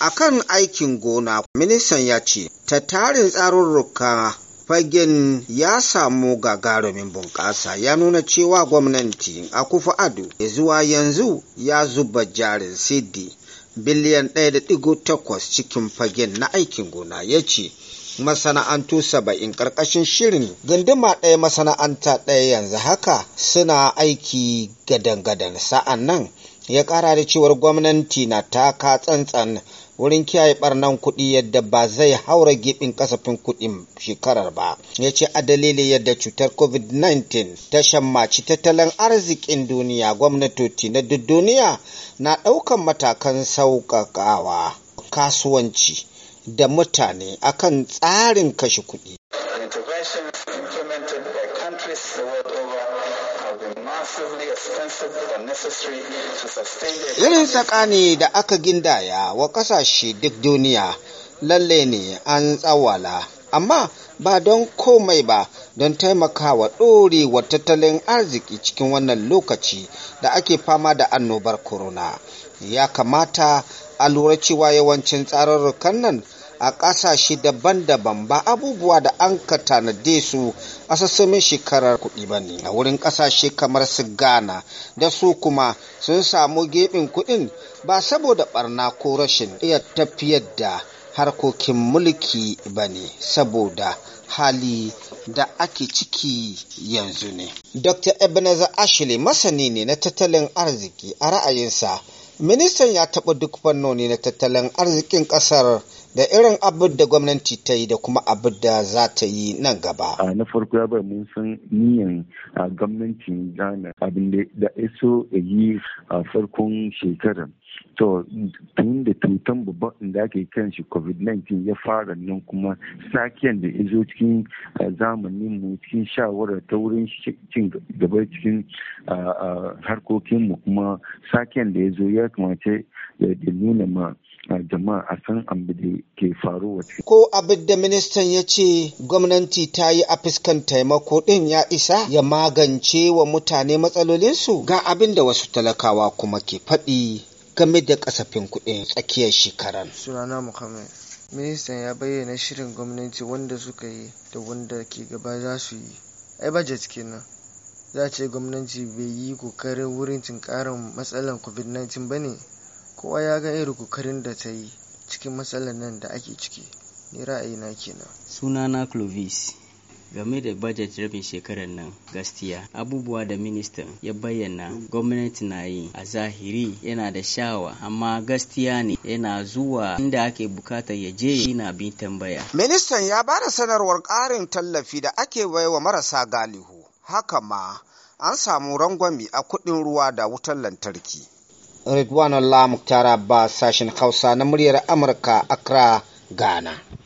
A kan aikin gona, ministan ya ce, ta tarin tsarurruka fagen ya samu gagarumin bunƙasa ya nuna cewa gwamnati a kufa ado zuwa yanzu ya zuba jarin sidi biliyan 1.8 cikin fagen na aikin gona ya ce masana'antu saba'in ƙarƙashin shirin gunduma ɗaya masana'anta ɗaya yanzu haka suna aiki gadan-gadan sa'an nan ya kara da cewar gwamnati na taka tsantsan wurin kiyaye barnan kuɗi yadda ba zai haura gibin kasafin kuɗin shekarar ba ya ce a dalilin yadda cutar covid-19 ta shammaci tattalin arzikin duniya gwamnatoci na duk duniya na ɗaukan matakan sauƙaƙawa kasuwanci da mutane akan tsarin kashe kuɗi. countries the world over have Irin tsakani da aka gindaya wa kasashe duk duniya lalle ne an tsawala, amma ba don komai ba don taimaka taimakawa ɗorewa tattalin arziki cikin wannan lokaci da ake fama da annobar corona. Ya kamata a lura cewa yawancin tsararrukan nan a ƙasashe daban-daban ba abubuwa da an ka tanade su a sassamin shekarar kuɗi ba ne a wurin ƙasashe kamar su ghana da su kuma sun samu gefen kuɗin ba saboda ɓarna ko rashin iya tafiyar da harkokin mulki ba ne saboda hali da ake ciki yanzu ne. Dr. Ebenezer Ashley masani ne na tattalin arziki a ra'ayinsa ministan ya taɓa duk fannoni na tattalin arzikin ƙasar da irin abin da gwamnati ta yi da kuma abin da za ta yi nan gaba. na farko ya bai mun san niyan gwamnatin ghana abin da iso a yi a farkon shekarar to tun da tutan babban da ake kan shi covid-19 ya fara nan kuma sakiyan da ya zo cikin zamanin mu cikin shawara ta wurin cin gaba cikin harkokin mu kuma sakiyan da ya zo ya kamace da nuna ma jama'a a san abu da ke faruwa cikin. Ko abin da ministan ya ce gwamnati ta yi a fuskan taimako din ya isa ya magance wa mutane matsalolinsu ga abin da wasu talakawa kuma ke faɗi game da kasafin kuɗin tsakiyar shekaran. Sunana Muhammad. Ministan ya bayyana shirin gwamnati wanda suka yi da wanda ke gaba za su yi. Ai budget kenan. Za ce gwamnati bai yi kokarin wurin tunkarin matsalar COVID-19 ba ne. Kowa ya ga irin kokarin da ta yi cikin matsalar nan da ake ciki. Ni ra'ayina kenan. Sunana Clovis. game da budget rabin shekarar nan gaskiya abubuwa da ministan ya bayyana gwamnati na yi a zahiri yana da shawa amma gaskiya ne yana zuwa inda ake bukata ya je na bin tambaya ministan ya ba da sanarwar ƙarin tallafi da ake baiwa marasa galihu haka ma an samu rangwami a kuɗin ruwa da wutar lantarki Ridwan Allah Muktar Abbas sashen Hausa na muryar Amurka Accra Ghana